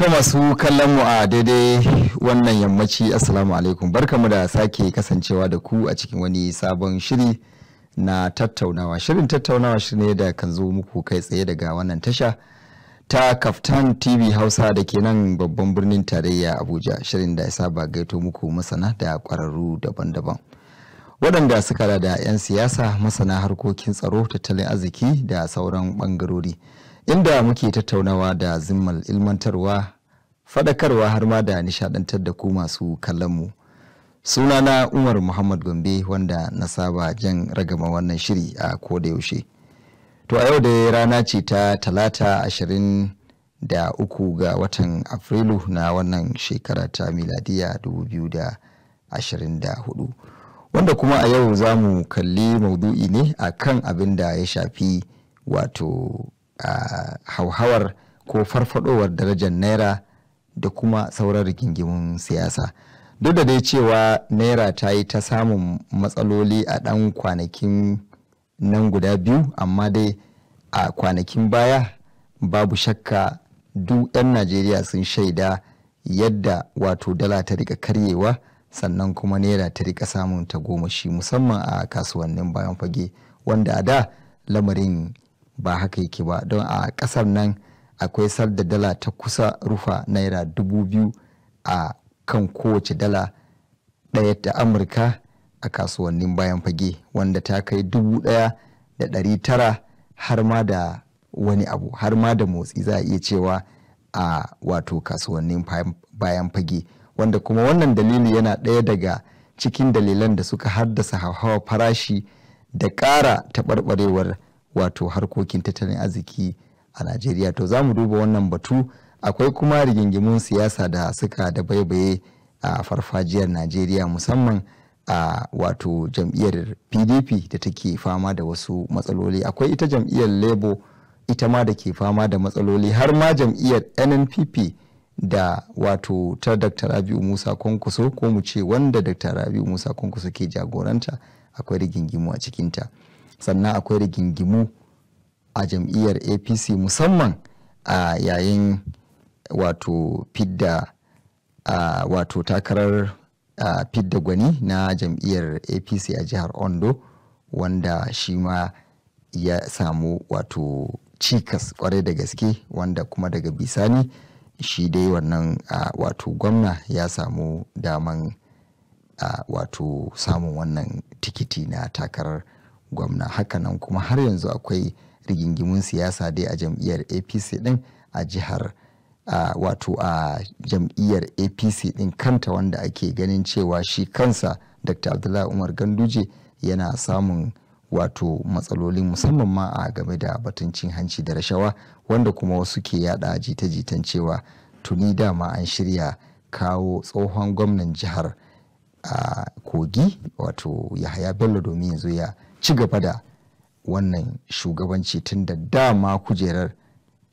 To masu kallon mu a daidai wannan yammaci assalamu alaikum barkamu da sake kasancewa da ku a cikin wani sabon shiri na tattaunawa shirin tattaunawa shi ne da kan zo muku kai tsaye daga wannan tasha ta kaftan tv hausa da ke nan babban birnin tarayya abuja shirin da ya saba gaito muku masana da kwararru daban-daban waɗanda suka da 'yan siyasa masana harkokin tsaro tattalin arziki da sauran ɓangarori. inda muke tattaunawa da zimmal ilmantarwa fadakarwa har ma da nishadantar da ku masu kallonmu sunana umar muhammad gombe wanda na saba jan ragama wannan shiri a koda yaushe to a yau da rana ce ta talata ashirin da uku ga watan afrilu na wannan shekara ta miladiya 2024 wanda kuma a yau za mu kalli maudu'i ne a kan abin da ya shafi wato hauhawar ko farfadowar darajar naira da kuma sauran rigingimun siyasa duk da dai cewa naira ta yi ta samun matsaloli a ɗan kwanakin nan guda biyu amma dai a kwanakin baya babu shakka duk 'yan najeriya sun shaida yadda wato dala ta rika karyewa sannan kuma naira ta rika samun tagomashi musamman a kasuwannin bayan fage wanda a da lamarin ba haka yake ba don a kasar nan akwai sar da dala ta kusa rufa naira dubu biyu a kan kowace dala ɗaya ta amurka a kasuwannin bayan fage wanda ta kai dubu ɗaya da ɗari tara har ma da wani abu har ma da motsi za a iya cewa a wato kasuwannin bayan fage wanda kuma wannan dalili yana ɗaya daga cikin dalilan da suka haddasa hauhawar farashi da ƙara taɓarɓarewar wato harkokin tattalin arziki a najeriya to za mu duba wannan batu akwai kuma rigingimun siyasa da suka da baibaye a farfajiyar najeriya musamman a wato jam'iyyar pdp da take fama da wasu matsaloli akwai ita jam'iyyar labour ita ma da ke fama da matsaloli har ma jam'iyyar nnpp da wato ta dr rabiu musa kwankwaso ko mu ce wanda dr rabiu musa kwankwaso ke jagoranta akwai rigingimu a cikinta. sannan akwai rigingimu a jam'iyyar apc musamman a yayin wato fidda wato takarar fidda gwani na jam'iyyar apc a jihar ondo wanda shi ma ya samu wato cikas kwarai da gaske wanda kuma daga bisani shi dai wannan wato gwamna ya samu daman wato samun wannan tikiti na takarar gwamna hakanan kuma har yanzu akwai rigingimun siyasa dai a jam'iyyar apc din a jihar wato a jam'iyyar apc din kanta wanda ake ganin cewa shi kansa dr abdullahi umar ganduje yana samun wato matsaloli musamman ma a game da batun hanci da rashawa wanda kuma wasu ke yada jita-jitan cewa tuni dama an shirya kawo tsohon gwamnan jihar kogi wato yahaya bello domin yanzu ya ci gaba da wannan shugabanci tun da dama kujerar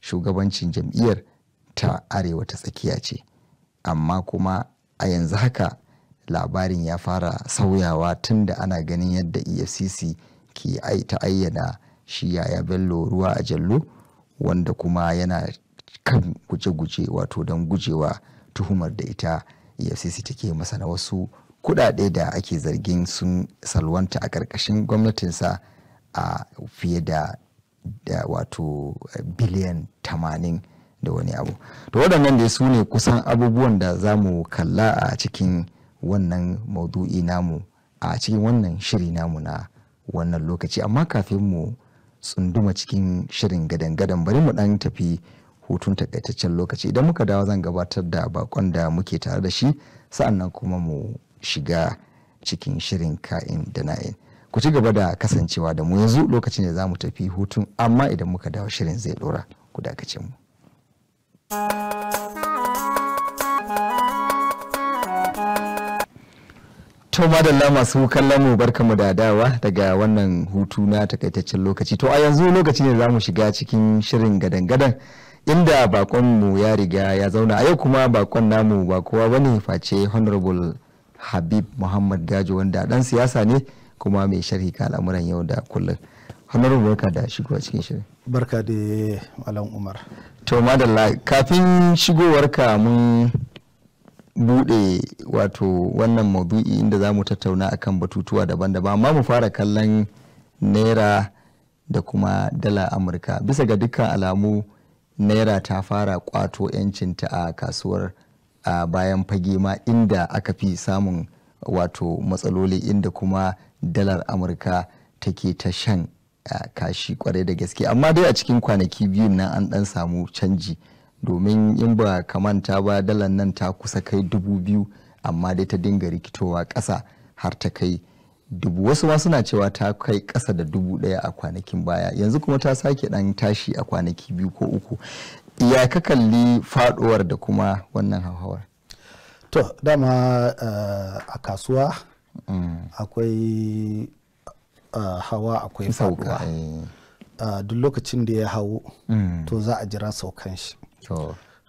shugabancin jam'iyyar ta arewa ta tsakiya ce amma kuma a yanzu haka labarin ya fara sauyawa tun da ana ganin yadda efcc ke ta ayyana shi yaya bello ruwa a jallo wanda kuma yana kan guje-guje wato don gujewa tuhumar da ita efcc take masa na wasu kuɗaɗe da ake zargin sun salwanta a ƙarƙashin gwamnatinsa a fiye da wato biliyan tamanin da wani abu to waɗannan dai su ne kusan abubuwan da za mu kalla a cikin wannan maudu'i namu a cikin wannan shiri namu na wannan lokaci amma kafin mu tsunduma cikin shirin gadan-gadan bari mu ɗan tafi hutun takaitaccen lokaci idan muka dawo zan gabatar da bakon da muke tare da shi sa'annan kuma mu shiga cikin shirin ka'in da na'in ku ci gaba da kasancewa da mu yanzu lokacin da za mu tafi hutun amma idan muka dawo shirin zai dora ku dakace mu to madalla masu kallon mu barkamu da dawa daga wannan hutu na takaitaccen lokaci to a yanzu lokacin da za mu shiga cikin shirin gadan-gadan inda bakon mu ya riga ya zauna a yau kuma bakon namu ba kowa bane face honorable habib muhammad gajo wanda dan siyasa ne kuma mai sharhi ka al'amuran yau da kullum honorable barka da shigowa cikin shirin barka da malam umar to madalla kafin shigowarka mun bude wato wannan maudu'i inda za mu tattauna akan batutuwa daban-daban amma mu fara kallon naira da kuma dala amurka bisa ga dukkan alamu naira ta fara kwato yancinta a kasuwar a bayan fage ma inda aka fi samun wato matsaloli inda kuma dalar amurka take ta shan kashi kwarai da gaske amma dai a cikin kwanaki biyu nan an dan samu canji domin in ba kamanta ba dalar nan ta kusa kai dubu biyu amma dai ta dinga rikitowa ƙasa har ta kai dubu wasu ma suna cewa ta kai ƙasa da dubu ɗaya a kwanakin baya yanzu kuma ta sake ɗan tashi a kwanaki biyu ko uku ya ka kalli faduwar da kuma wannan hauhawar to dama uh, a kasuwa mm. akwai eh, hawa akwai faduwa uh, eh. duk lokacin da ya hau mm. to za a jira saukan shi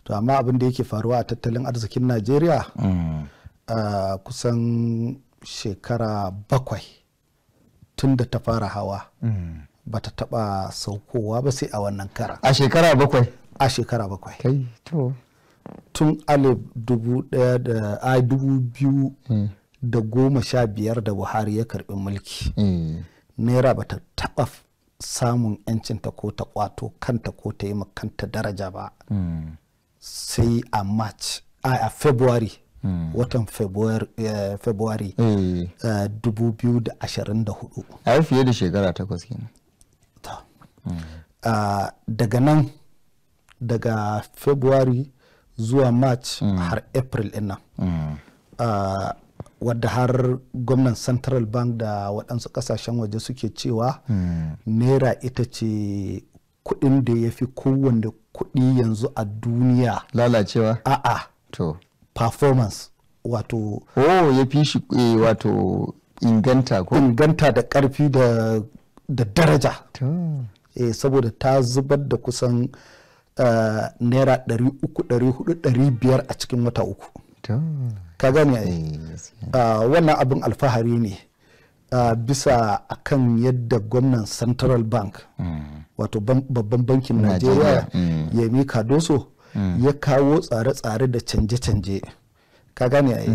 to amma abin da yake faruwa a tattalin arzikin najeriya mm. kusan shekara bakwai tun da ta fara hawa mm. Ba ta taba saukowa ba sai a wannan kara a shekara bakwai a shekara bakwai tun alif dubu daya da a dubu biyu mm. da goma sha biyar da buhari ya karbi mulki mm. naira ba ta taba samun yancinta ko ta kwato kanta ko ta yi kanta daraja ba mm. sai a march a february watan eh, february eh. Eh, dubu biyu da da ashirin hudu. a fiye da shekara takwas kenan ah, daga nan daga february zuwa march mm. har april din nan mm. uh, wadda har gwamnan central bank da waɗansu ƙasashen waje suke cewa mm. naira ita ce kuɗin da ya fi kowanne kuɗi yanzu a duniya lalacewa a a to performance wato oh ya fi shi eh, wato inganta ko inganta da ƙarfi da da daraja eh, saboda ta zubar da kusan Eh, naira uku ɗari biyar a cikin wata uku ka gane eh, ah, wannan abin alfahari ne ah, bisa akan yadda gwamnan central bank mm. wato babban bankin najeriya mm. mika kadoso mm. ya kawo tsare-tsare da canje-canje ka gane ai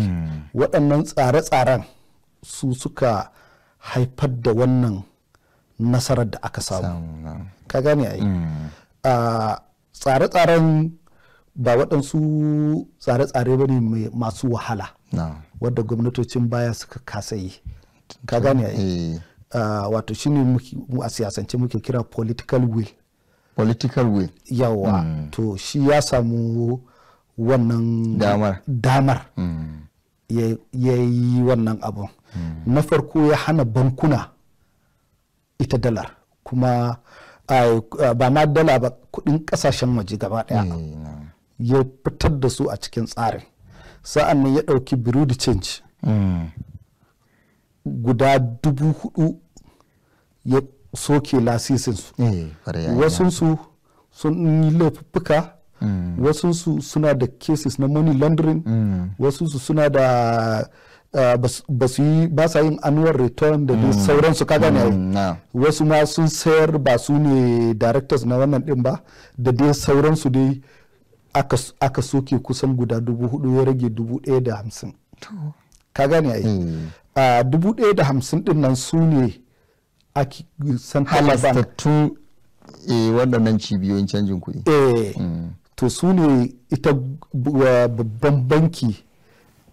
waɗannan tsare-tsaren su suka haifar da wannan nasarar da aka samu ka gane ai ah, tsare-tsaren ba waɗansu tsare-tsare ba ne masu wahala wadda gwamnatocin baya suka kasa yi ka gane eh. ah, wato shi ne a siyasance muke kira political will political will yawa hmm. to shi ya samu wannan damar, damar. Hmm. ya yi wannan abun hmm. na farko ya hana bankuna ita dalar kuma ba na dala ba kudin kasashen waje gaba daya eh, ya fitar da su a cikin tsarin sa'an nan ya dauki biru da change hmm. guda dubu hudu ya soke lasisinsu eh, wasunsu sun yi laifuffuka hmm. wasunsu suna da cases na money laundering hmm. wasunsu suna da Eh, ba su yi ba sa yin annual return da dai mm. sauransu ne gane mm, wasu ma sun sayar ba su ne directors na wannan din ba da dai sauransu dai aka soke kusan guda dubu hudu ya rage dubu ɗaya da hamsin ka gane ai mm. dubu ɗaya da hamsin din nan su ne ake san halastattun eh, waɗannan cibiyoyin canjin kuɗi eh. to su ne ita babban banki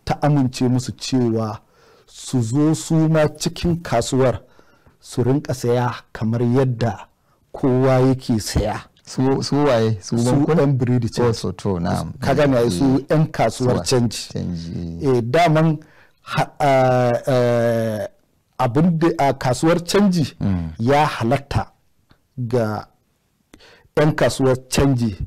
ta amince musu cewa su zo su ma cikin kasuwar su rinka saya kamar yadda kowa yake saya su waye su bankunan biredi oh, su to na ka gane su yan kasuwar canji e eh. eh, daman abin da kasuwar canji hmm. ya halatta ga 'yan kasuwar canji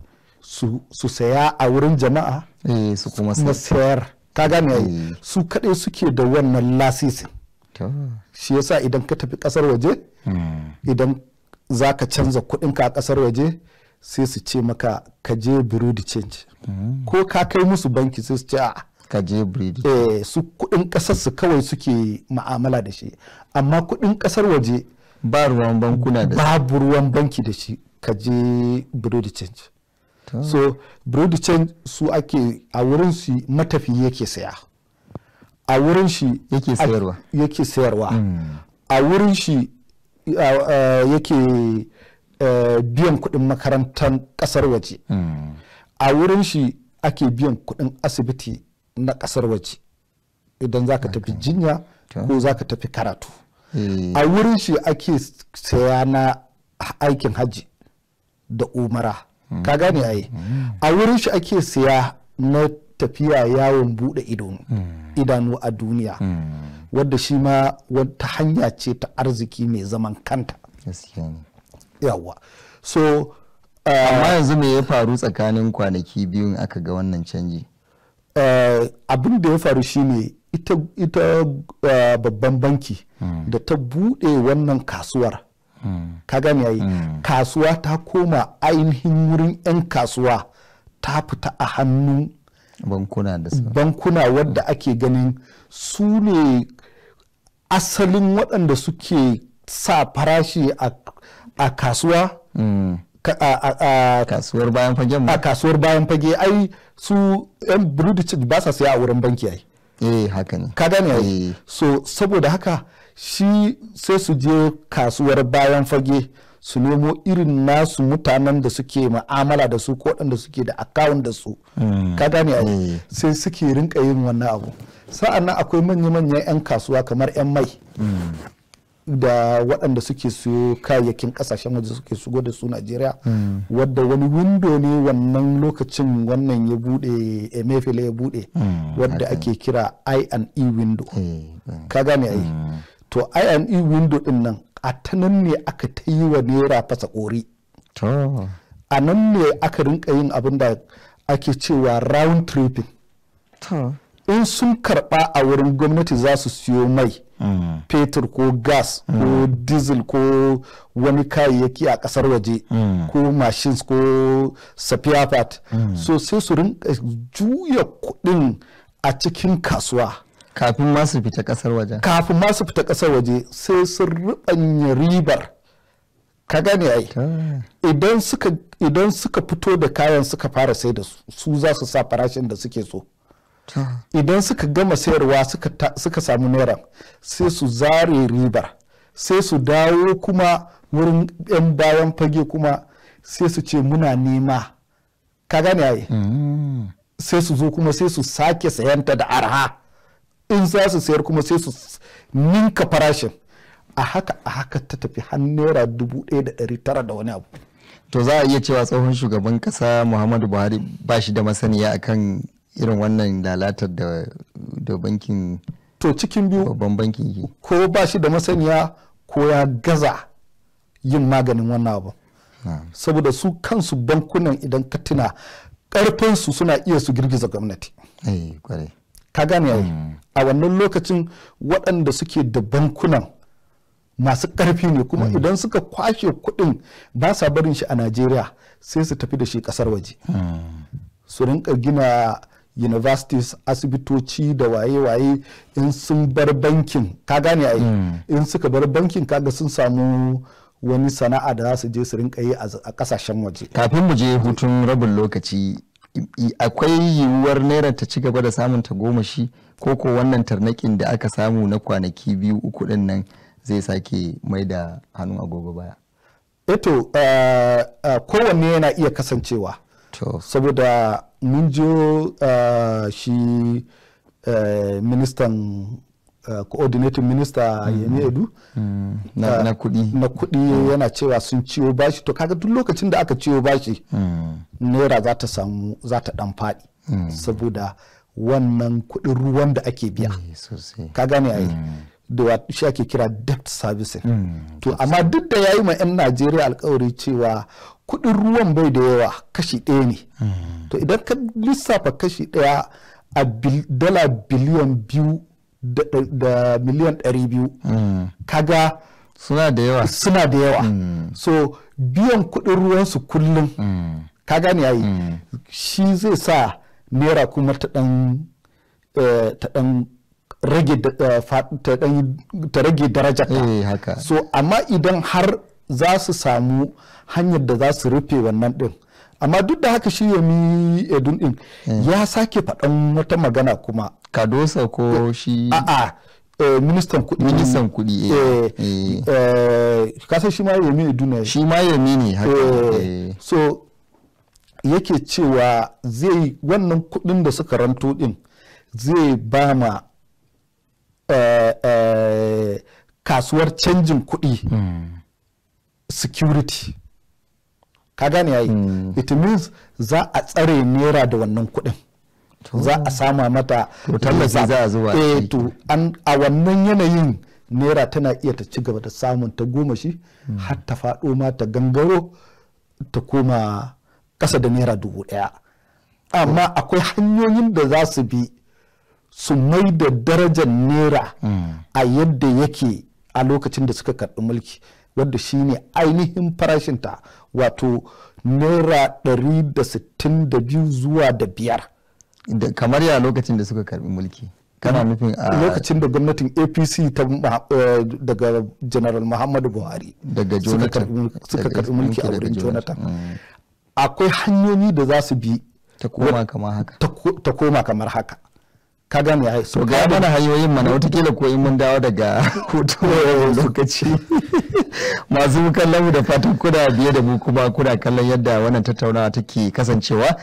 su saya a wurin jama'a eh, su kuma sayar ka gane yayi mm. su kadai suke da wannan lasisin shi yasa idan ka tafi kasar waje mm. idan za ka canza ka a kasar waje sai su ce maka ka je birudi change mm. ko ka kai musu banki sai su ce a ka je biridi eh su kudin kasar su kawai suke ma'amala da shi amma kudin kasar waje ba ruwan bankuna da babu ruwan banki da shi ka je birudi change so broad change su ake a wurin su matafi yake saya a wurin shi yake sayarwa yake sayarwa hmm. a wurin shi yake eh, biyan kuɗin makarantar ƙasar waje hmm. a wurin shi ake biyan kuɗin asibiti na ƙasar waje idan za ka tafi jinya ko za ka tafi karatu eh. a wurin shi ake saya na aikin hajji da umara ka gane ai a wurin shi ake siya na tafiya yawon bude idanu a duniya wadda shi ma wata hanya ce ta arziki mai zaman kanta yawa so eh, amma yanzu me ya faru tsakanin kwanaki biyun aka ga wannan canji eh, abin da ya faru shine ita eh, babban banki hmm. da ta bude wannan kasuwar Mm. ka gane yayi mm. kasuwa ta koma ainihin wurin 'yan kasuwa ta fita a hannun bankuna da bankuna wadda mm. ake ganin su ne asalin waɗanda suke sa farashi a kasuwa a kasuwar bayan fage a kasuwar bayan fage ai su yan british ba sa saya a wurin banki ai eh haka ne ka gane eh. so saboda haka shi sai su je kasuwar bayan fage su nemo irin nasu mutanen da suke ma'amala da su ko da suke da akawun da su hmm. ka gane a hmm. sai suke rinka yin wannan abu sa'an nan akwai manya-manyan 'yan kasuwa kamar 'yan mai hmm. da waɗanda suke siyo kayayyakin ƙasashen waje suke shigo da su Najeriya wadda wani windo ne wannan lokacin wannan ya buɗe emefele ya buɗe wadda ake kira I e window eh, ka gane yi to ime window din nan a ta nan ne aka ta yi wa naira fasa kori a nan ne aka rinka yin abin da ake cewa round tripping in sun karba a wurin gwamnati za su siyo mai mm. fetur ko gas mm. ko diesel ko wani kayayyaki a kasar waje mm. ko machines ko safiya part so sai su rinka juya kudin a cikin kasuwa kafin ma su fita kasar waje kafin ma su fita kasar waje sai sun rubanya ribar ka gane ai ah. idan suka idan suka fito da kayan suka fara sai da su za su sa farashin da suke so ah. idan suka gama sayarwa suka samu naira sai su zare ribar sai su dawo kuma wurin 'yan bayan fage kuma sai su ce muna nema ka gane ai mm. sai su zo kuma sai su sake sayanta da arha in za su sayar kuma sai su ninka farashin a haka a haka ta tafi har naira dubu ɗaya da ɗari tara da wani abu to za a iya cewa tsohon shugaban ƙasa muhammadu buhari ba shi da masaniya akan irin wannan lalatar da bankin to cikin biyu babban bankin ko ba shi da masaniya ko ya gaza yin maganin wannan abu saboda su kansu bankunan idan ka tuna karfinsu suna iya su girgiza gwamnati eh, ka gane yayi hmm. a wannan lokacin waɗanda suke da bankunan masu ƙarfi ne kuma hmm. idan suka kwashe kuɗin ba sa barin shi a najeriya sai su tafi da shi ƙasar waje hmm. su rinka gina universities asibitoci da waye-waye in sun bar bankin ka gane a in suka bar bankin kaga sun samu wani sana'a da za su je su rinka yi a ƙasashen waje kafin mu je hutun rabin lokaci akwai yiwuwar naira ta ci gaba da samun ta goma shi ko ko wannan tarnakin da aka samu na kwanaki biyu uku din nan zai sake mai da hannun agogo baya eto kowanne yana iya kasancewa saboda mun jo shi eh, ministan Uh, coordinating minister mm. yemi edu mm. uh, na, kuɗi. kudi mm. yana cewa sun ciwo bashi to kaga duk lokacin da aka ciwo bashi naira za ta samu za ta dan faɗi saboda wannan kudin ruwan da ake biya eh, ka gane ai da shi ake kira debt servicing to amma duk da yayi ma yan Najeriya alkawari cewa kudin ruwan bai da yawa kashi ɗaya ne to idan ka lissafa kashi ɗaya a dala biliyan biyu da miliyan 200 hmm. kaga suna da yawa suna da yawa hmm. so biyan kudin ruwansu kullum hmm. ka ne yayi shi zai sa naira kuma ta dan eh, rage eh, ta rage darajarta eh, so amma idan har za su samu hanyar da za su rufe wannan din amma duk da haka shi yami edun din eh. ya sake faɗan wata magana kuma kadosa ko eh, shi a'a eh, ministan kuɗi ministan kuɗi kasan shi ma yami edun shi ma yami ne haka so yake cewa zai wannan kuɗin da suka ranto din zai ba ma kasuwar canjin kuɗi hmm. security ka gane yayi hmm. it means za a tsare naira da wannan kuɗin za a sama mata tallafi za a zuwa eh to a wannan yanayin naira tana iya ta ci gaba da samun ta goma shi hmm. har ta faɗo ma ta gangaro ta koma ƙasa da naira dubu ɗaya amma akwai hanyoyin da za su bi su mai da darajar naira hmm. a yadda yake a lokacin da suka karɓi mulki wadda shine ainihin farashinta wato naira 162 zuwa da biyar kamar ya lokacin da suka karbi mulki kana mm. nufin a ah, lokacin da gwamnatin apc ta ah, eh, daga general muhammadu buhari daga jonathan suka karbi mulki a wurin jonathan mm. akwai hanyoyi da za su bi ta koma kamar haka ka gane ya so ga mana hanyoyin mana watakila ko in mun dawo daga hoto lokaci masu kallon mu da fatan kuna biye da mu kuma kuna kallon yadda wannan tattaunawa take kasancewa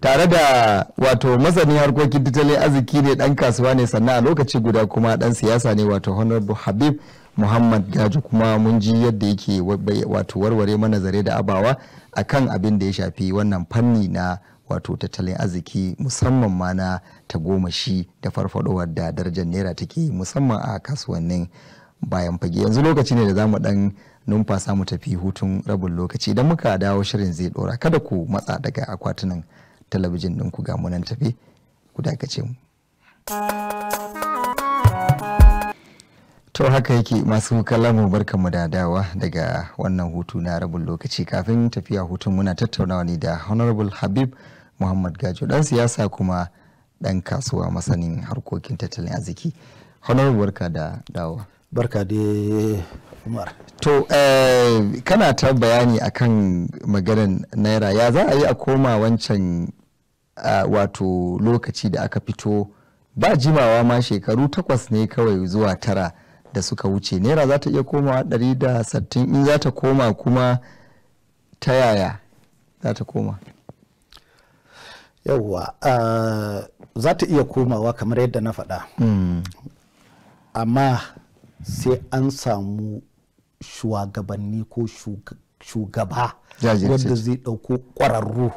tare da wato masanin harkokin tattalin arziki ne dan kasuwa ne sannan a lokaci guda kuma dan siyasa ne wato honorable habib muhammad gaji kuma mun ji yadda yake wato warware mana zare da abawa akan abin da ya shafi wannan fanni na wato tattalin arziki musamman ma na tagomashi da farfadowar da darajar naira take musamman a kasuwannin bayan fage yanzu lokaci ne da za mu dan numfasa mu tafi hutun rabin lokaci idan muka dawo shirin zai dora kada ku matsa daga akwatunan talabijin ɗinku ga munan tafi ku dakace mu to haka yake masu kallon mu da dawa daga wannan hutu na rabin lokaci kafin tafiya hutun muna tattaunawa ne da honorable habib muhammad gajo dan siyasa kuma dan kasuwa masanin harkokin tattalin arziki honorable barka da dawa barka da umar to eh, kana ta bayani akan maganar naira ya za a yi a koma wancan wato lokaci da aka fito ba jimawa ma shekaru takwas ne kawai zuwa tara da suka wuce naira za ta iya komawa sattin in za ta koma kuma ta yaya za ta koma yauwa za ta iya komawa kamar yadda na faɗa hmm. amma sai an samu shugabanni ko shugaba wanda zai ɗauko ƙwararru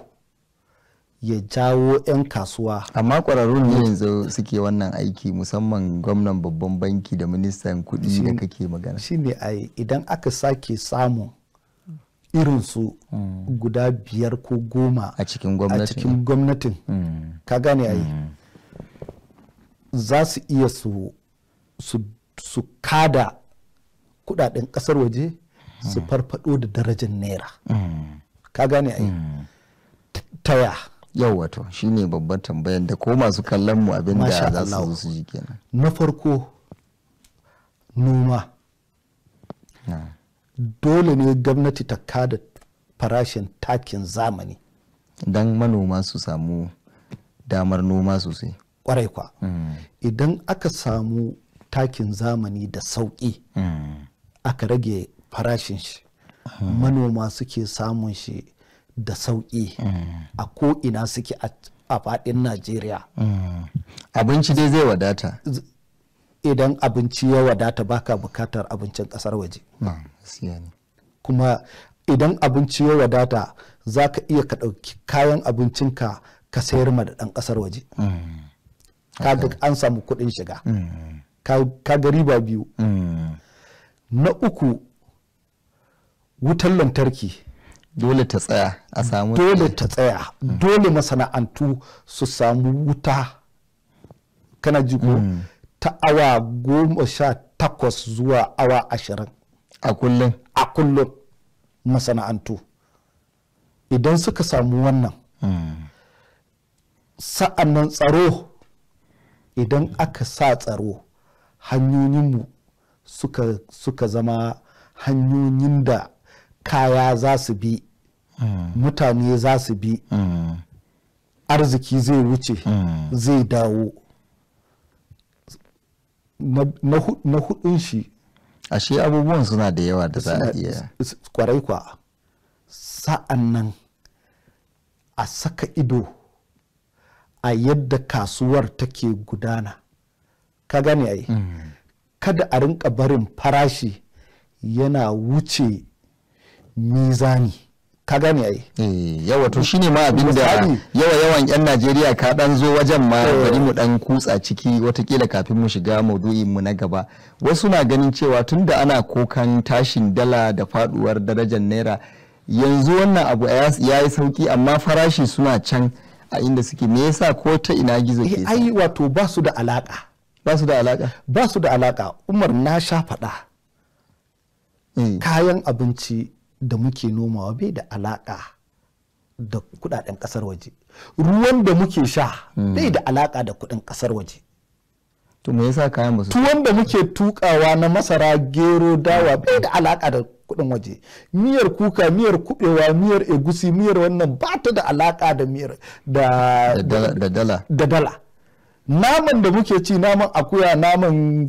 ya jawo 'yan kasuwa amma ƙwararrun ne yanzu suke wannan aiki musamman gwamnan babban banki da ministan kuɗi da kake magana shine idan aka sake samun irinsu mm. guda biyar ko goma a cikin gwamnatin mm. ka gane a yi mm. za su iya su kada kudaden kasar waje su farfado da darajar naira ka gane a yi taya yau wato shine babban tambayan da ko masu kallon mu abin da za su zo su ji kenan na farko noma dole ne gwamnati ta kada farashin takin zamani don manoma su samu damar noma sosai kwarai kwa mm. idan aka samu takin zamani da sauƙi mm. aka rage farashin shi mm. manoma suke samun shi da sauƙi a ko'ina suke a faɗin najeriya abinci dai zai wadata idan abinci ya wadata baka bukatar abincin ƙasar waje siya ne kuma idan abinci ya wadata za ka iya ka ɗauki kayan abincinka ka sayar ma da ɗan ƙasar waje mm. ga an samu kuɗin shiga mm. ka kaga riba biyu mm. na uku wutar lantarki dole ta tsaya a samu dole ta tsaya dole masana'antu su samu wuta kana jiko ta awa goma sha takwas zuwa awa ashirin a kullum a kullum masana'antu idan suka samu wannan hmm. sa'annan tsaro idan aka sa tsaro hanyoyinmu suka, suka zama hanyoyin da kaya za su bi hmm. mutane za su bi hmm. arziki zai wuce zai dawo na hudun shi ashe abubuwan suna da yawa da za a iya kwarai kwa sa'an nan a saka ido a yadda kasuwar take gudana ka gane ai mm. kada a rinka barin farashi yana wuce mizani ka gane ai eh, yawa to shine ma abin da yawa yawan yan Najeriya ka dan zo wajen ma eh. bari mu dan kutsa ciki watakila kafin mu shiga maudu'in mu na gaba wasu na ganin cewa tunda ana kokan tashin dala da faduwar darajar naira yanzu wannan abu ya yi sauki amma farashi suna can a inda suke me yasa ko ta ina gizo ke eh, ai wato ba su da alaka ba su da alaka ba su da alaka umar na sha faɗa kayan abinci da muke nomawa bai da alaƙa da kudaden ƙasar waje ruwan da muke sha hmm. bai da alaƙa da kudin ƙasar waje to me yasa kayan ba su tuwon da muke tukawa na masara gero dawa bai da alaka da kudin waje miyar kuka miyar kubewa miyar egusi miyar wannan ba ta da alaka da miyar da da dala da dala naman da muke ci naman akuya naman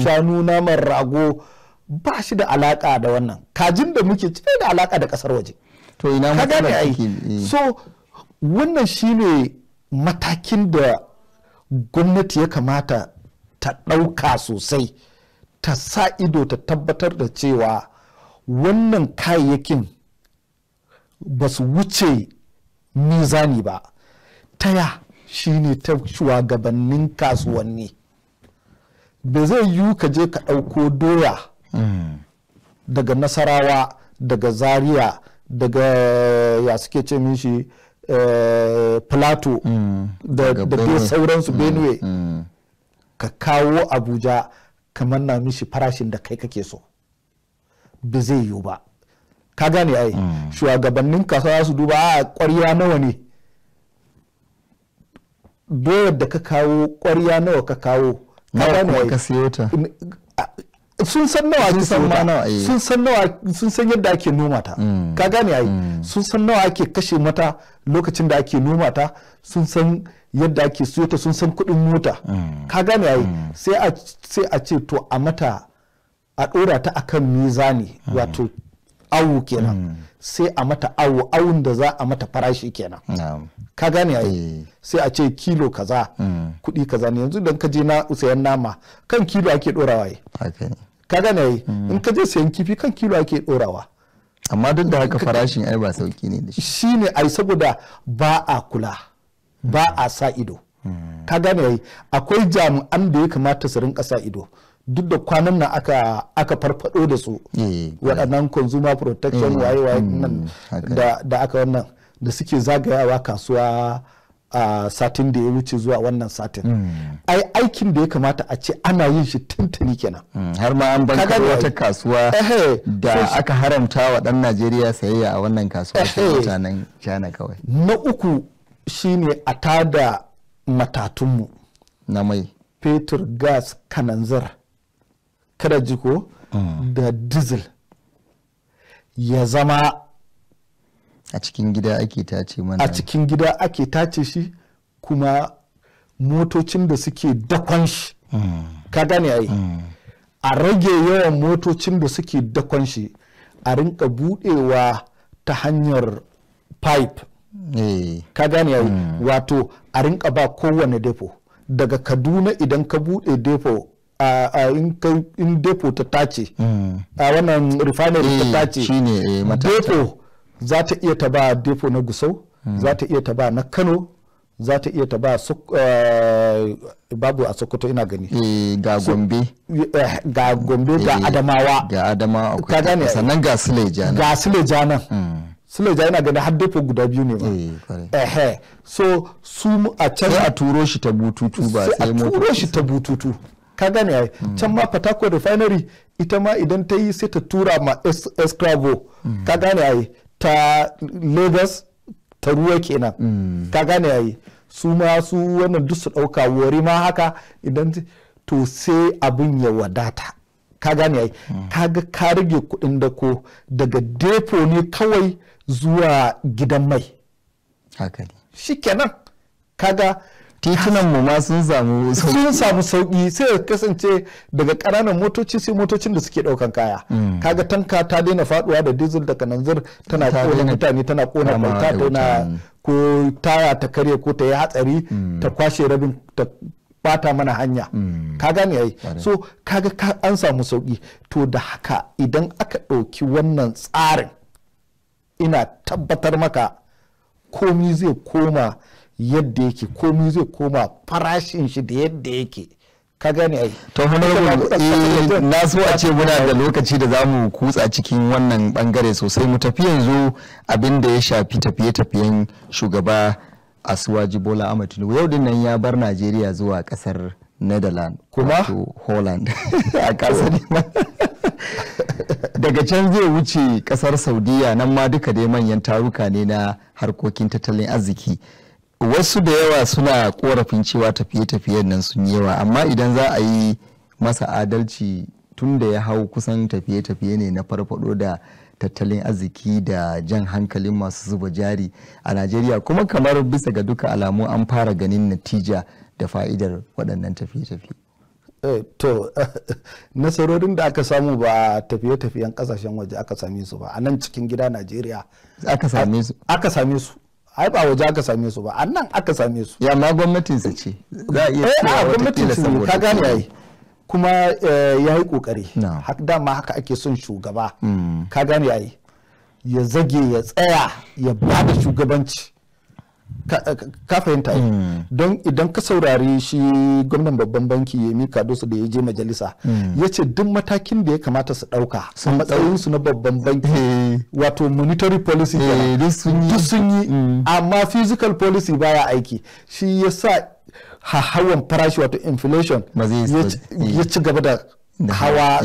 shanu naman rago ba shi da alaka da wannan kajin da muke ci da alaka da kasar waje to ina matsalar eh. so wannan shine matakin da gwamnati ya kamata ta ɗauka sosai ta sa ido ta tabbatar da cewa wannan kayayyakin ba su wuce mizani ba taya shine ta shugabannin kasuwanni ba zai yiwu ka je ka ɗauko doya Mm. daga nasarawa daga zaria daga ya suke ce mishi eh, plato mm. da dai sauransu mm, benue ka kawo abuja kamar na mishi farashin da kai kake so ba zai yiwu ba ka gane ai shugabannin kasuwa su duba a ah, kwarya nawa ne doyar da ka kawo kwarya nawa ka kawo ka gane ai sun san nawa ake san nawa eh. sun san nawa sun san yadda ake noma ta mm. ka gane ai mm. sun san nawa ake kashe mata lokacin da ake noma ta sun san yadda ake suyo ta sun san kuɗin mota mm. ka gane ai sai a ce to a mata a ɗora ta akan mizani wato awu kenan hmm. sai a mata awu awun da za a mata farashi kenan ka gane ai eh. sai a ce kilo kaza hmm. kuɗi kaza ne yanzu idan ka je na usayen nama kan kilo ake dorawa yi ka gane ai hmm. in ka je sayan kifi kan kilo ake dorawa amma duk da haka farashin ai ba sauki ne da shi shine ai saboda ba a kula ba a sa ido ka gane ai akwai jami'an da ya kamata su rinka sa ido duk da kwanan nan aka aka farfado da su eh, eh, eh. waɗannan consumer protection mm, waye waye mm, nan da aka wannan da suke zagayawa kasuwa a satin da ya wuce zuwa wannan satin mm. ai aikin da ya kamata a ce ana yin shi tuntuni kenan har ma an bankar wata kasuwa da aka haramta wa ɗan najeriya sayayya a wannan kasuwa ta mutanen china kawai na uku shine a tada matatunmu na mai fetur gas kananzir kada jiko. da mm. diesel ya zama a cikin gida ake tace mana a cikin gida ake tace shi kuma motocin da suke dakon shi mm. ka gane ai mm. a rage yawan motocin da suke dakon shi a rinka budewa ta hanyar pipe eh. ka gane ai wato a rinka ba kowane depo daga kaduna idan ka bude depo a in depo ta tace hmm. a wannan refinery ta eh, tace eh, depo za ta iya ta ba depo na gusau hmm. za ta iya ta ba na kano za ta iya ta ba eh, babu a sokoto ina gani ga gombe ga gombe ga adamawa ga adamawa ka gane sannan ga suleja ga suleja nan hmm. suleja ina gani har depo guda biyu ne ba ehe so su a can a turo shi ta bututu ba sai a turo shi ta bututu ka gane ai mm. can ma fatako refinery ita ma idan ta yi sai ta tura ma escravo mm. ka gane ai ta lagos ta ruwa kenan mm. ka gane ai su ma su wannan duk su dauka wari ma haka idan to sai abin ya wadata ka gane ai kaga ka rage kudin dako daga depo ne kawai zuwa gidan mai shi kenan kaga titunan mu ma sun samu sauki sun samu sauki sai ya kasance daga ƙananan motoci sai motocin da suke ɗaukan kaya mm. kaga tanka ta daina faduwa da diesel da kananzir tana kona mutane tana kona kwalta tana ko taya ta karye ko ta yi hatsari mm. ta kwashe rabin ta bata mana hanya mm. ka gane yayi so kaga an samu sauki to da haka idan aka ɗauki wannan tsarin ina tabbatar maka komi zai koma yadda yake komi zai koma farashin shi da yadda yake ka gani. ai to eh, na so a ce muna da lokaci da zamu kutsa cikin wannan bangare sosai mu tafi yanzu abin da ya shafi tafiye-tafiyen shugaba Asuwaji Bola Ahmed Tinubu yau din nan ya bar Najeriya zuwa kasar Netherlands kuma Holland a kasar daga can zai wuce kasar Saudiya nan ma duka dai manyan taruka ne na harkokin tattalin arziki wasu da yawa suna korafin cewa tafiye tafiye nan sun yawa amma idan za a yi masa adalci tun da ya hau kusan tafiye-tafiye ne na farfado da tattalin arziki da jan hankalin masu zuba jari a najeriya kuma kamar bisa ga duka alamu an fara ganin natija da fa'idar waɗannan tafiye-tafiye eh, to nasarorin da aka samu ba tafiye-tafiyen kasashen waje aka same su ba a nan cikin gida najeriya aka same su ai ba waje aka same su ba a nan aka same su ya ma gwamnatin su ce za a iya eh, cewa gwamnatin su ka gane yayi kuma eh, ya yi kokari dama haka ake son shugaba mm. ka gane yayi ya zage ya tsaya ya ba da shugabanci Eh, ka fahimta yi hmm. don idan ka saurari shi gwamnan babban banki ya mika dosu da ya je majalisa hmm. ya ce duk matakin da ya kamata su ɗauka a matsayinsu na babban banki eh. wato monetary policy eh, duk sun yi hmm. amma physical policy baya aiki shi ya sa hawan farashi wato inflation ya ci gaba da hawa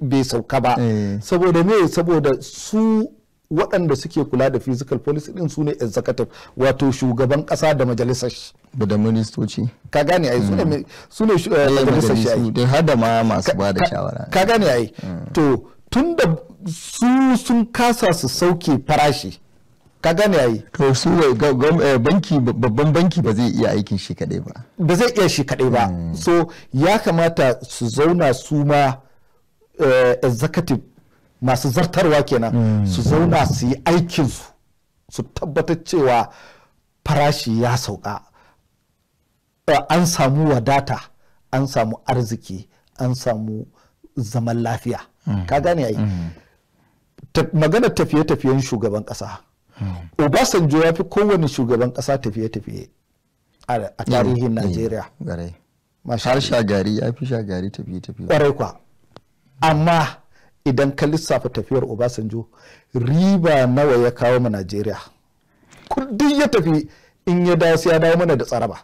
bai sauka ba saboda me saboda su waɗanda suke kula da physical policy din su ne executive wato shugaban ƙasa da majalisar shi da ministoci ka gane ai su ne hmm. eh, majalisar shi ai har da ma masu ba da shawara ka gane ai hmm. to tun da su sun kasa su sauke farashi ka gane ai to su eh, banki babban banki ba zai iya aikin shi kadai ba ba zai iya shi kadai ba hmm. so ya kamata su zauna su ma eh, executive masu zartarwa kenan hmm. su zauna su yi aikinsu su tabbatar cewa farashi ya sauka an samu wadata an samu arziki an samu zaman lafiya hmm. ka gane ai hmm. magana tafiye-tafiyen shugaban kasa obasanjo ya fi kowane shugaban kasa tafiye-tafiye a tarihin najeriya har shagari ya fi shagari tafiye-tafiye kwarai kwa amma idan ka lissafa tafiyar obasanjo riba nawa ya kawo ma najeriya kudi ya tafi in ya dawo sai ya dawo mana da tsaraba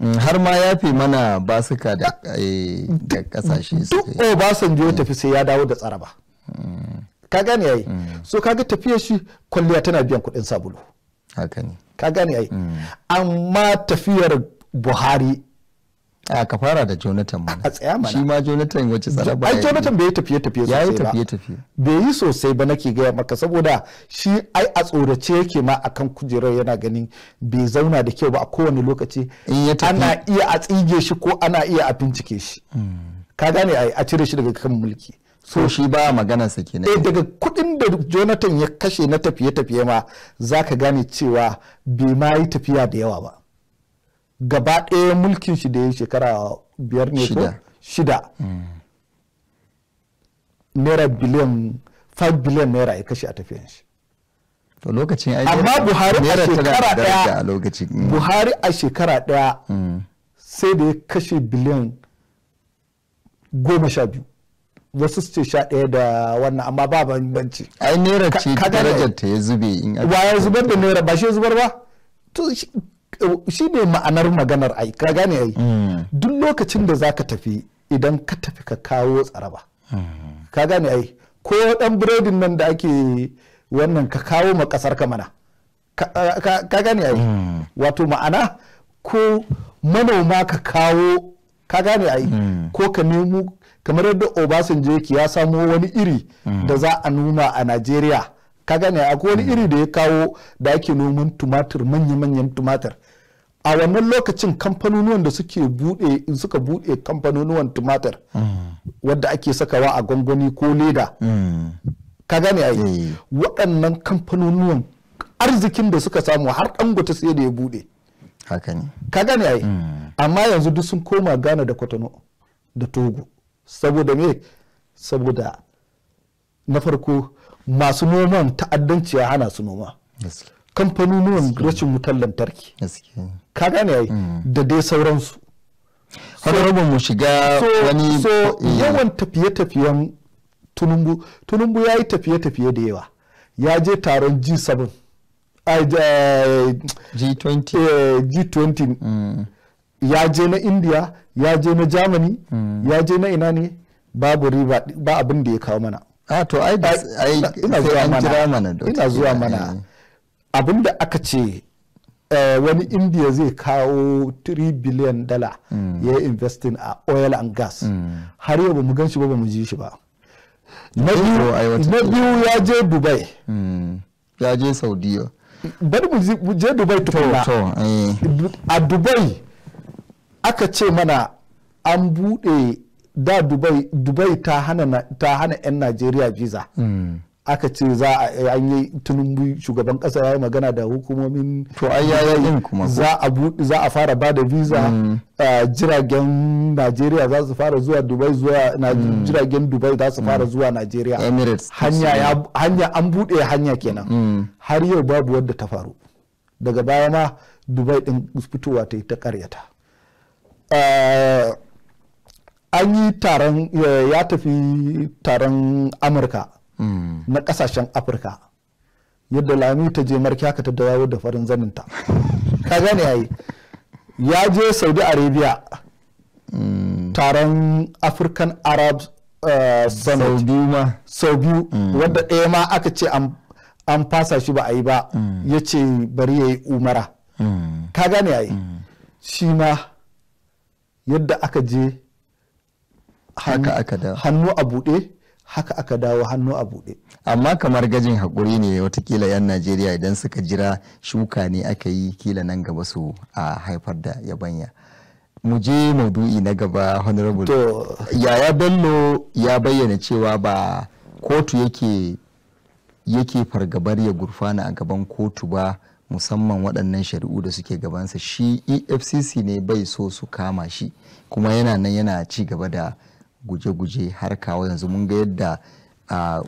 mm, har ma ya fi mana basuka da eh, kasashe duk obasanjo ya tafi sai ya dawo da tsaraba mm. ka gane yayi mm. so kaga tafiyar shi kwalliya tana biyan kuɗin sabulu ka gane yayi amma tafiyar buhari a ah, ka fara da jonathan mana a tsaya mana shi ma jonathan wace tsaraba ba ai jonathan bai tafiye tafiye sosai ba yayi tafiye tafiye bai yi sosai ba nake gaya maka saboda shi ai a tsorace yake ma akan kujerar yana ganin bai zauna da kyau ba a kowane lokaci ana iya a tsige shi ko ana iya a bincike shi hmm. ka gane ai a cire shi daga kan mulki so shi ba magana sa kenan eh daga kudin da jonathan ya kashe na tafiye tafiye ma zaka gane cewa bai ma yi tafiya da yawa ba gaba ɗaya mulkin shi da ya shekara biyar ne ko shida hmm. naira biliyan 5 biliyan naira ya kashe a tafiyan shi to lokacin ai amma hmm. buhari a shekara daya buhari hmm. a shekara daya sai da ya kashe biliyan goma sha biyu wasu su ce sha ɗaya da wannan amma ba banbanci ai naira ce darajar ta ya zube in ba ya zubar da naira ba shi ya zubar ba shi ne ma'anar maganar ai ka gane ai mm. duk lokacin da zaka tafi idan ka tafi ka kawo tsaraba mm. ka gane ai ko dan biredin nan da ake wannan ka kawo ma kasar ka mana ka gane ai mm. wato ma'ana ko manoma ka kawo ka gane ai ko ka nemo kamar yadda obasanjo ya samo wani iri da za a nuna a najeriya ka gane akwai wani iri da ya kawo da ake noman tumatir manya-manyan tumatir a wannan lokacin kamfanonuwan da suke bude suka bude kamfanonuwan tumatir wadda ake sakawa a gwangwani ko leda ka gane ai eh. waɗannan kamfanonuwan arzikin da suka samu har dangote sai da ya bude ka gane ai hmm. amma yanzu duk sun koma Ghana da Kwatano da Togo saboda me saboda na farko masu noman ta'addanci ya hana su noma kamfanonin rashin wutar lantarki ka gane yayi hmm. da dai sauransu honorable mu shiga wani so yawan tafiye-tafiyen tunumbu tunumbu ya yi tafiye-tafiye da yawa ya je taron g7 G20 G20 ya je na India ya je na Germany hmm. ya je na ina ne babu riba ba abin da ya kawo mana a to ai ina zuwa mana ina zuwa mana da aka ce eh, wani india zai kawo 3 biliyan dala mm. ya yi investing a oil and gas mm. har yau ba mu gan shi ba ba mu ji shi ba na biyu ya je dubai hmm. ya je saudiya bari mu je dubai tukuna eh. a dubai aka ce mana an buɗe da dubai dubai ta hana ta hana yan najeriya visa hmm. aka ce za a eh, an yi tunin shugaban kasa ya yi magana da hukumomin to ai yayin kuma za a za a fara bada visa hmm. jiragen Najeriya za su fara zuwa Dubai zuwa hmm. jiragen Dubai za su fara zuwa Najeriya Emirates hanya hanya an bude hanya kenan har yau babu wadda ta faru daga baya ma Dubai din fitowa ta yi ta karyata eh, an yi taron eh, ya tafi taron amurka hmm. na kasashen afirka yadda lami ta je marki haka ta dawo da farin zaninta ka gane yayi ya je saudi arabia hmm. taron african arab eh, sau biyu ma sau hmm. wadda ɗaya ma aka ce an fasa shi ba a yi ba ya ce bari ya yi umara ka gane yayi shi ma yadda aka je haka aka dawo hannu a buɗe haka aka dawo hannu a buɗe amma kamar gajin haƙuri ne watakila 'yan najeriya idan suka jira shuka ne aka yi kila nan gaba su a haifar da yabanya mu je maudu'i na gaba honorable yaya bello ya bayyana cewa ba kotu yake yake fargabar ya gurfana a gaban kotu ba musamman waɗannan shari'u da suke gabansa shi efcc ne bai so su kama shi kuma yana nan yana ci gaba da guje-guje har kawo yanzu mun ga yadda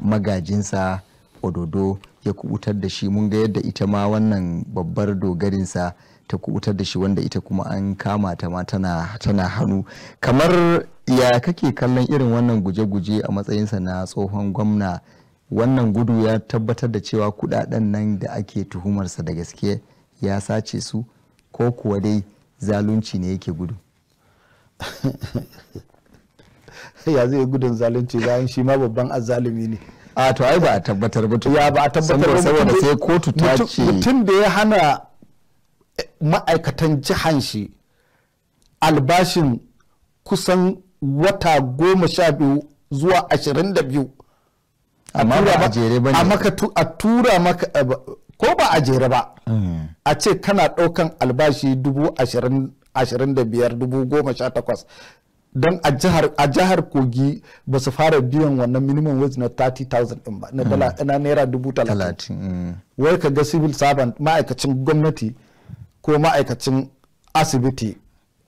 magajinsa ododo ya kubutar da shi mun ga yadda ita ma wannan babbar dogarinsa ta kubutar da shi wanda ita kuma an kama ta ma tana, hannu kamar ya kake kallon irin wannan guje-guje a matsayinsa na tsohon gwamna wannan gudu ya tabbatar da cewa kudaden nan da ake tuhumarsa da gaske ya sace su ko kuwa dai zalunci ne yake gudu ya zai gudun zalunci bayan shi ma babban azzalumi ne a to ai ba a tabbatar ba ya ba a tabbatar ba saboda sai kotu ta ce mutum da ya hana eh, ma'aikatan jihan shi albashin kusan wata goma sha biyu zuwa ashirin da biyu amma ba a jere ba ne a tura maka eh, ko ba a jere ba hmm. a ce kana ɗaukan albashi dubu ashirin ashirin da biyar dubu goma sha takwas don a jihar kogi ba su fara biyan wannan minimum wage na 30,000 din ba na dala hmm. na naira dubu talatin hmm. wai ka ga civil servant ma'aikacin gwamnati ko ma'aikacin asibiti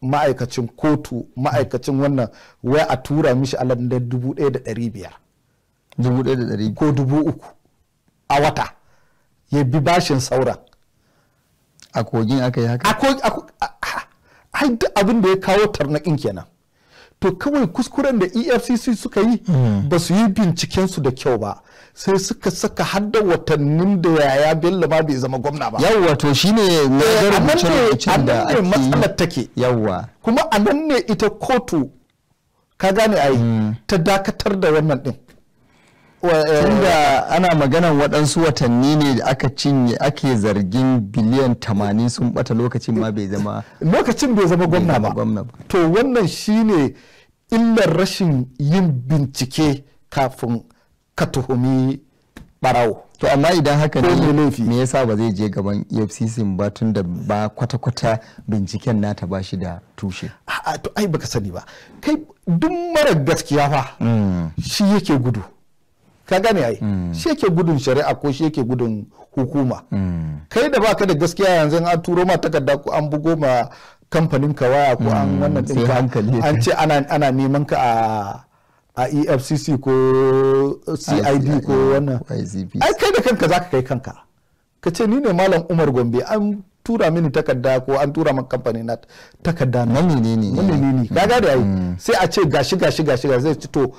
ma'aikacin kotu ma'aikacin wannan wai a tura mishi a da dubu ɗaya da ɗari biyar dubu ɗaya da ɗari ko dubu uku a wata ya bi bashin sauran a kogin aka yi haka a kogin abin da ya kawo tarnaƙin kenan to kawai kuskuren da efcc suka yi hmm. ba su yi bincikensu da kyau ba sai suka saka hadda watannin da yaya bello ma bai zama gwamna ba yawwa to shine ne eh, da ake matsalar take yawwa kuma a nan ne ita kotu ka gane ai hmm. ta dakatar da wannan din Eh, tunda ana maganan waɗansu watanni ne da aka cinye ake zargin biliyan tamanin sun bata lokacin ma bai zama lokacin bai zama gwamna ba to wannan shine illar rashin yin bincike kafin ka tuhumi barawo to amma idan haka ne me yasa ba zai je gaban efcc ba tun da ba kwata-kwata binciken nata ba shi da tushe a to ai baka sani ba kai duk mara gaskiya fa mm. shi yake gudu ka gane ai hmm. shi yake gudun shari'a ko shi yake gudun hukuma hmm. kai da baka da gaskiya yanzu an turo ma takarda ko an bugo ma kamfanin ka waya ko an hmm, wannan din ka an ce ana ana neman ka a a EFCC ko CID ko wannan ai kai da kanka zaka kai kanka ka ce ni ne malam Umar Gombe an tura mini takarda ko an tura man kamfani na takarda na menene ne menene kaga da yayi sai a ce gashi gashi gashi zai ci to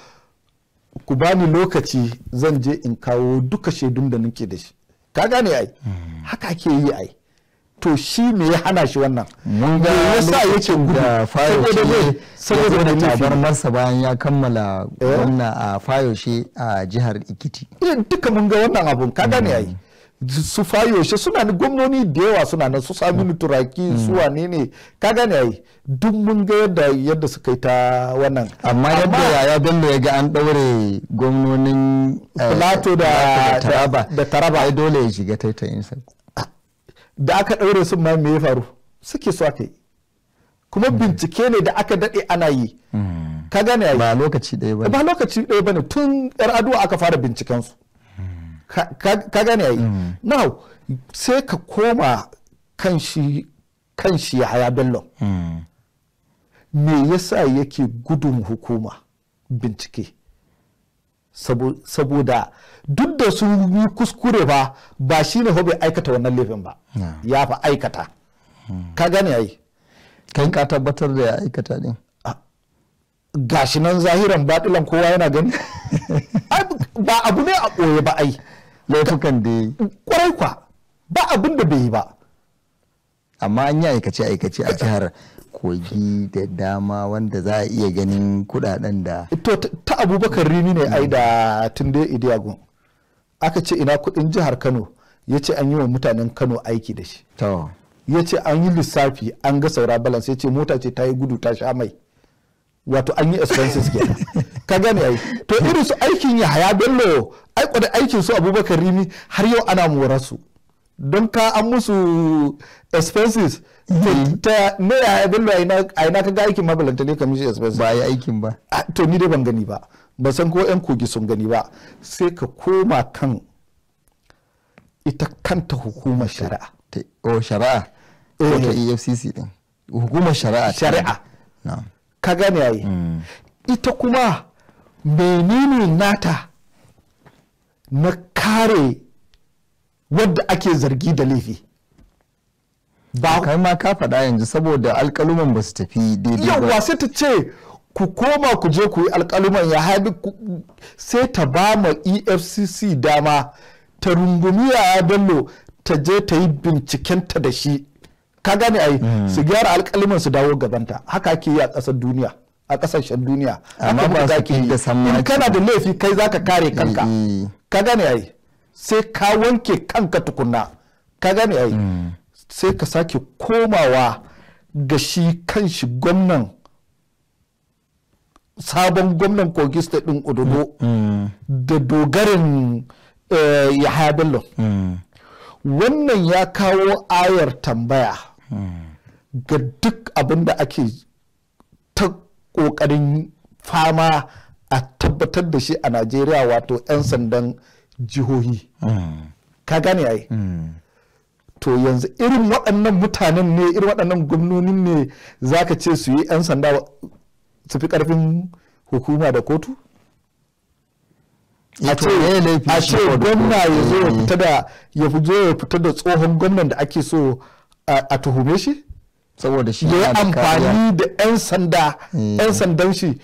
ku bani lokaci zan je in kawo duka shaidun da nake da shi ka gane ai haka ake yi ai to shi me ya hana shi wannan mun ga yasa yake gudu saboda ne saboda da tabarmarsa bayan ya kammala eh? wannan a shi a jihar Ikiti duka mun ga wannan abun ka gane mm. ai su yaushe suna ni gwamnoni da yawa suna nan su saminu mm. turaki su mm. wane ne ka gane ai duk mun ga yadda yadda suka yi ta wannan amma yadda ya bello ya ga an daure gwamnonin eh, plato da taraba da taraba ai dole ya shiga sa da aka daure sun ma me ya faru suke so aka yi kuma mm. bincike ne da aka daɗe ana yi ka gane ba lokaci ɗaya ba ba lokaci ɗaya ba ne tun yar aduwa aka fara binciken su ka gane yi mm. now sai ka koma kan shi ya haya bello mm. me yasa yake gudun hukuma bincike saboda duk da sun yi kuskure ba ba shi ne bai aikata wannan laifin ba ya fa aikata mm. ka gane yayi kan ka tabbatar da ya aikata ne ah, gashi nan zahiran batilan kowa yana gani ba abu ne a ɓoye ba ai laifukan da kwarai kwa ba abin da bai yi ba amma an yi aikace aikace a jihar kogi da dama wanda za a iya ganin kudaden da to ta abubakar rini ne ai da tunde idiyagun aka ce ina kudin jihar kano ya ce an yi wa mutanen kano aiki da shi ya ce an yi lissafi an ga saura balance ya ce mota ce ta yi gudu ta sha mai wato an yi expenses ke ka gane ai to irin su aikin ya haya bello ai kwada aikin su abubakar rimi har yau ana mora su don ka an musu expenses mm-hmm. ta ne ya haya bello a ina ka ga aikin ma ne kamishin expenses ba ya aikin ba to ni dai ban gani ba ba san ko yan kogi sun gani ba sai ka koma kan ita kanta hukumar shari'a o oh, shari'a eh. ko ta efcc din hukumar shari'a shari'a na'am ka gane yayi hmm. ita kuma menene nata na kare wadda ake zargi da laifi ba kai ma ka faɗa yanzu saboda alƙaluman ba su tafi daidai ba yawa sai ta ce ku koma ku je ku yi alƙaluman ya haɗu sai ta ba ma efcc dama ta rungumi ya bello ta je ta yi bincikenta da shi ka gane ai mm. su gyara alƙalmin su dawo gabanta haka ake yi a ƙasar duniya a ƙasashen duniya amma ba za ki in kana da laifi kai zaka kare mm, kanka mm. ka gane ai sai ka wanke kanka tukunna ka gane ai sai ka sake komawa ga shi kan shi gwamnan sabon gwamnan kogi state din ododo da dogarin eh, yahaya bello wannan ya kawo ayar tambaya ga duk abin da ake ta ƙoƙarin fama a tabbatar da shi a najeriya wato 'yan sandan jihohi ka gane ai to yanzu irin waɗannan mutanen ne irin waɗannan gwamnonin ne za ka ce su yi 'yan sanda su fi ƙarfin hukuma da kotu a ce gwamna ya zo ya fita da ya fito ya fita da tsohon gwamnan da ake so a tuhume shi saboda shi ya amfani da 'yan sanda 'yan hmm. sandan shi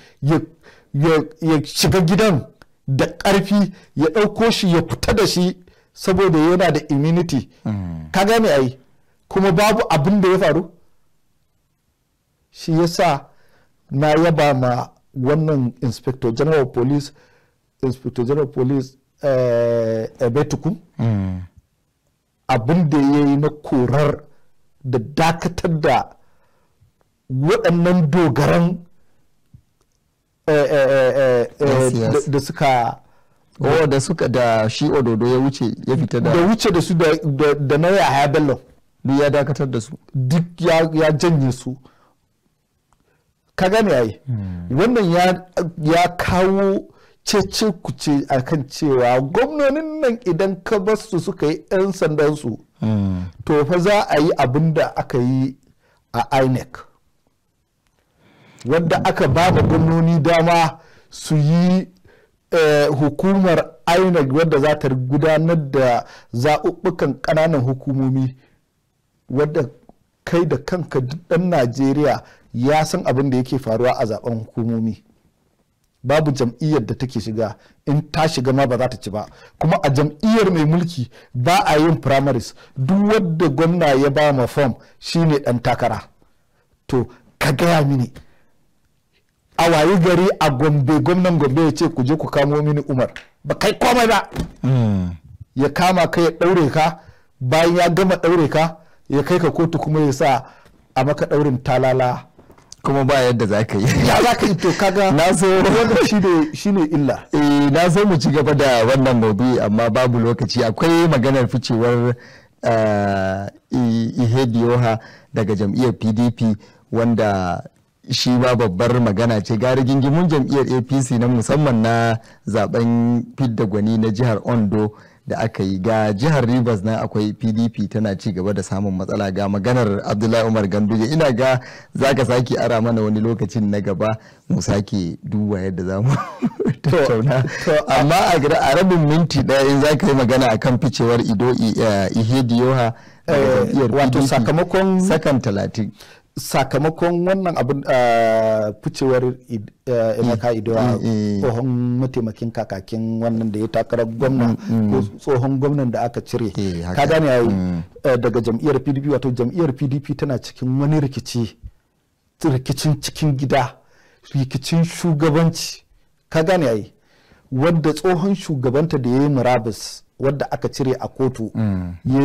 ya shiga gidan da ƙarfi ya ɗauko shi ya fita da shi saboda yana da immunity hmm. ka gane ai kuma babu abin da ya faru shi yasa na yaba ma wannan inspector general police inspector general police eh, ebetukun hmm. abin da ya yi na korar da dakatar da waɗannan dogaran eh, eh, eh, da suka Oh, da suka da shi ododo ya wuce ya fita da Da wuce da su da na haya bello duk ya dakatar da su duk ya janye su ka gane yayi hmm. wannan ya kawo cece kuce akan cewa gwamnonin nan idan ka basu suka yi 'yan sandansu to fa za a yi abin da aka yi a inec wadda aka ba da gwamnoni dama su yi eh, hukumar inec wadda za ta gudanar da zaɓuɓɓukan ƙananan hukumomi wadda kai da kanka duk ɗan najeriya ya san abin da yake faruwa a zaben hukumomi babu jam'iyyar da take shiga in ta shiga ma ba za ta ci ba kuma a jam'iyyar mai mulki ba a yin primaries duk wadda gwamna ya ba ma form shine dan takara to ka gaya mini a waye gari a gombe gwamnan gombe ya ce ku je ku kamo mini umar ba kai komai ba hmm. ya kama ka ya daure ka bayan ya gama daure ka ya kai ka kotu kuma ya sa a maka daurin talala kuma ba yadda za ka yi ya za ka yi to kaga na zo shi ne illa eh na zo mu ci gaba da wannan maudu'i amma babu lokaci akwai maganar ficewar eh, ihediyoha daga jam'iyyar pdp wanda shi ba babbar magana ce gari gingimin jam'iyyar apc na musamman na zaben fidda gwani na jihar ondo da aka yi ga jihar rivers na akwai pdp tana ci gaba da samun matsala ga maganar abdullahi umar ganduje ina ga za ka sake ara mana wani lokacin na gaba mu sake duba yadda za mu tattauna amma a rabin minti ɗaya in za ka yi magana akan ficewar ido eh, ihediyoha eh, wato sakamakon sakan talatin sakamakon wannan abin a ah, ficewar eh, emeka mm, idowa mm, mm. tsohon mataimakin kakakin wannan da ya takara gwamna ko tsohon gwamnan da aka cire eh, ka gane yayi eh, daga jam'iyyar pdp wato jam'iyyar pdp tana cikin wani rikici rikicin cikin gida rikicin shugabanci ka gane yayi wadda tsohon shugabanta da ya yi murabus wadda aka cire a kotu mm. ya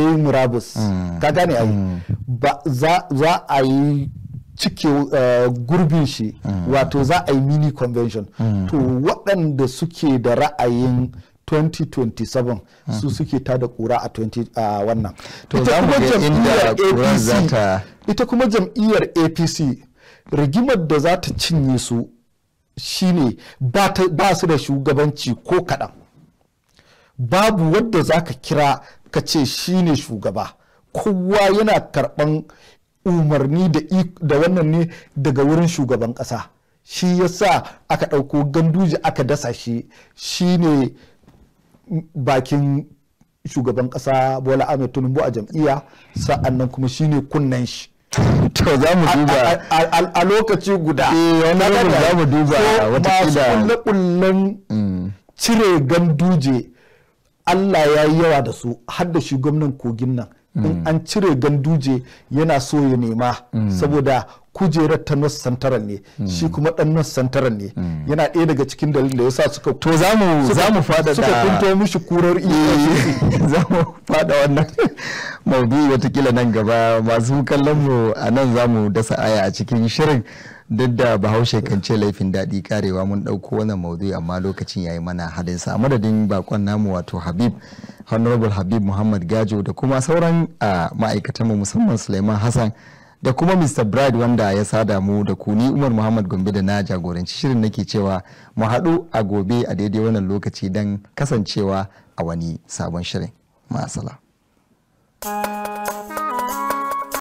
yi murabus mm. ka gane a yi mm. ba za a yi cike eh, gurbin shi wato za a yi mini convention to waɗanda suke da ra'ayin 2027 su suke ta da kura a 20 a wannan ita kuma jam'iyyar apc rigimar da za ta cinye su shine ba su da shugabanci ko kaɗan babu wadda za ka kira ka ce shi ne shugaba kowa yana karɓan umarni da wannan ne daga wurin shugaban ƙasa shi ya sa aka ɗauko ganduje aka dasa shi shi ne bakin shugaban ƙasa bola ahmed tinubu a jam'iyya sa'annan kuma shi ne kunnen shi to za mu duba a lokaci guda eh, za mu duba masu kulle-kullen mm. cire ganduje Allah ya yi yawa da su har da shi gwamnan kogin nan in hmm. an cire ganduje yana so ya nema hmm. saboda kujerar ta north central ne hmm. shi kuma dan north central ne yana ɗaya daga cikin dalilin da yasa suka to zamu zamu fada da suka kunto mishi kurar eh, iya zamu fada wannan wata watakila nan gaba masu kallon mu a nan zamu dasa aya a cikin shirin duk da bahaushe kan ce laifin daɗi karewa mun ɗauko wannan maudu'i amma lokacin yayi mana halin sa madadin bakon namu wato habib honorable habib muhammad gajo da kuma sauran ma'aikatan mu musamman suleiman hassan da kuma mr bride wanda ya sada mu da kuni umar muhammad gombe da na jagoranci shirin nake cewa mu haɗu a gobe a daidai wannan lokaci don kasancewa a wani sabon shirin ma'asala.